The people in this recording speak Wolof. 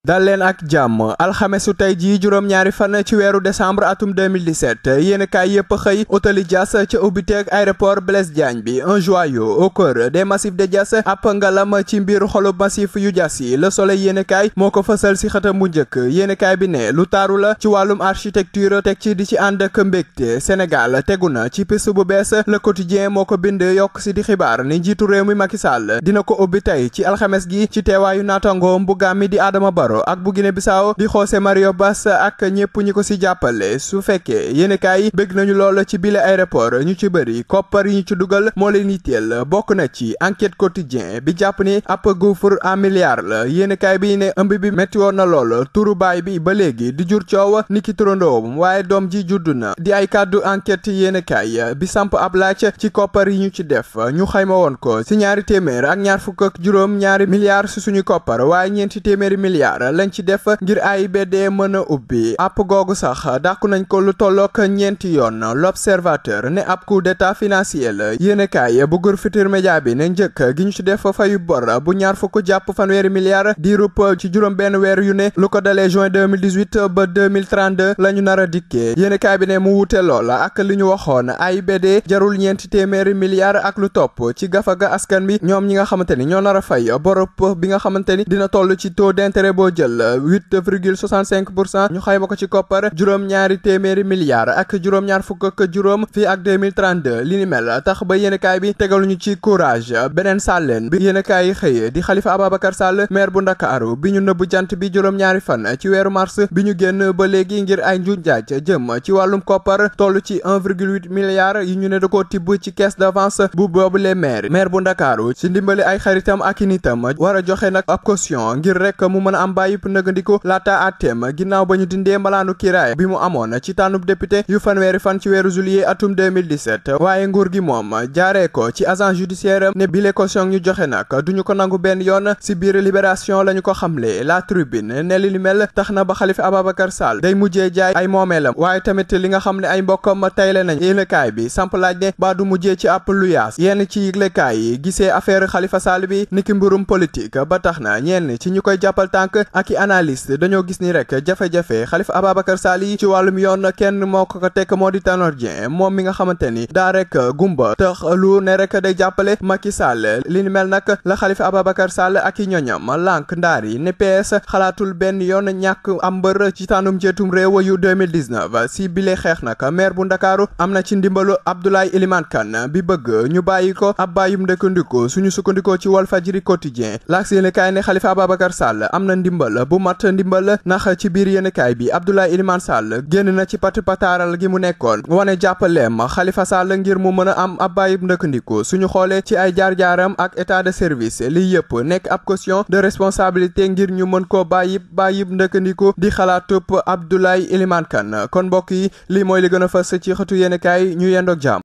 dal leen ak jàmm alxamesu tey jii juróom-ñaari fan ci weeru décembre atum 2017 yéen kaay yépp xëy otali jas ca ubbiteeg aéroport Blaise Diagne bi un joyau au cœur des massifs de Diass nga ngalam ci mbir xolub massif yu Diass yi la Soleil yéen moo ko fësal si xëtam bu njëkk yéen bi ne lu taaru la ci wàllum architecture teg ci di ci ànd ak mbégte Sénégal tegu na ci piste bu bees Le Quotidien moo ko bind yokk si di xibaar ni njiitu réew mi Macky Sall dina ko ubbi tey ci alxames gi ci teewaayu naatangoom bu gàmmi di Adama Barrow Comoro ak bu Guinée Bissau bi José Mario bass ak ñépp ñi ko ci jàppale su fekkee yéenekaay bëgg nañu lool ci bile aéroport ñu ci bëri koppar yi ñu ci dugal moo leen yitteel bokk na ci enquête quotidien bi jàpp ni ab gouffre en milliard la yéenekaay bi ne ëmb bi metti woon na lool turu baay bi ba léegi di jur coow niki turandoom waaye doom ji juddu na di ay kàddu enquête yéenekaay bi samp ab laaj ci koppar yi ñu ci def ñu xayma woon ko ci ñaari téeméer ak ñaar fukk ak juróom ñaari milliards suñu koppar waaye ñeenti téeméeri milliards milliards lañ ci def ngir AIBD mën a ubbi app googu sax dàkku nañ ko lu tollook ñeenti yoon l'observateur ne ab coup d'état financier la yéenekaay bu Groupe Futurs Médias bi ne njëkk gi ñu ci def fayu bor bu ñaar fukk jàpp fanweeri milliards di rup ci juróom benn weer yu ne lu ko dalee juin 2018 ba 2032 la ñu nar a dikkee yéenekaay bi ne mu wuute loola ak li ñu waxoon AIBD jarul ñeenti téeméeri milliards ak lu topp ci gafaga askan bi ñoom ñi nga xamante ni ñoo nar a fay bor bi nga xamante ni dina toll ci taux d'intérêt ko jël 8 virgule 65 pour cent ñu xayma ko ci koppar juróom-ñaari téeméeri milliards ak juróom-ñaar fukk ak juróom fii ak 2032 li ni mel tax ba yéenekaay bi tegaluñu ci courage beneen sàlleen bi yéenekaay yi xëy di Xalifa Ababacar Sall maire bu Ndakaaru bi ñu nëbb jant bi juróom-ñaari fan ci weeru mars bi ñu génn ba léegi ngir ay njuuj jëm ci wàllum koppar toll ci 1,8 yi ñu ne da koo tibb ci caisse d'avance bu boobu les maires bu Ndakaaru ci ndimbali ay xaritam ak i nitam war a joxe nag a am combat yëpp nëgandiku laata àtteem ginnaaw ba ñu dindee malaanu kiiraay bi mu amoon ci tànnub député yu fanweeri fan ci weeru juillet atum 2017 waaye nguur gi moom jaaree ko ci agent judiciaire ne bile caution ñu joxe nag duñu ko nangu benn yoon si biir libération lañu ko xamle la tribune ne li mel tax na ba Khalifa Ababacar Sall day mujjee jaay ay moomeelam waaye tamit li nga xam ne ay mbokkam tayle nañ yëglekaay bi samp laaj ne baa du mujjee ci àpp lu yenn ci yëglekaay yi gisee affaire Khalifa Sall bi niki mbirum politique ba tax na ñenn ci ñu koy jàppal tànk ak i analyste dañoo gis ni rek jafe-jafe Khalifa Ababacar Sall yi ci wàllum yoon kenn moo ko ko moo di Tanor Dieng moom mi nga xamante ni daa rek gumba tax lu ne rek day jàppale Macky Sall li ni mel nag la Khalifa Ababacar Sall ak i ñoñam lànk ndaar yi ne PS xalaatul benn yoon ñàkk am mbër ci tànnum jeetum réew yu 2019 si bile xeex nag maire bu Ndakaaru am na ci ndimbalu Abdoulaye Elimane Kane bi bëgg ñu bàyyi ko ab bàyyum dëkkandiku suñu sukkandikoo ci Walfadjri Quotidien laak seen kaay ne Khalifa Ababacar Sall am na ndim ndimbal bu mat ndimbal ndax ci biir yéenekaay bi Abdoulaye Elimane Sall génn na ci pat pataaral gi mu nekkoon wane jàppaleem xalifa Sall ngir mu mën a am ab bàyyib ndëkkandiku suñu xoolee ci ay jaar-jaaram ak état de service li yëpp nekk ab caution de responsabilité ngir ñu mën koo bàyyib bàyyib ndëkkandiku di xalaatub Abdoulaye Elimane Kane kon mbokk yi lii mooy li gën a fës ci xëtu yéenekaay ñu yendoog jàmm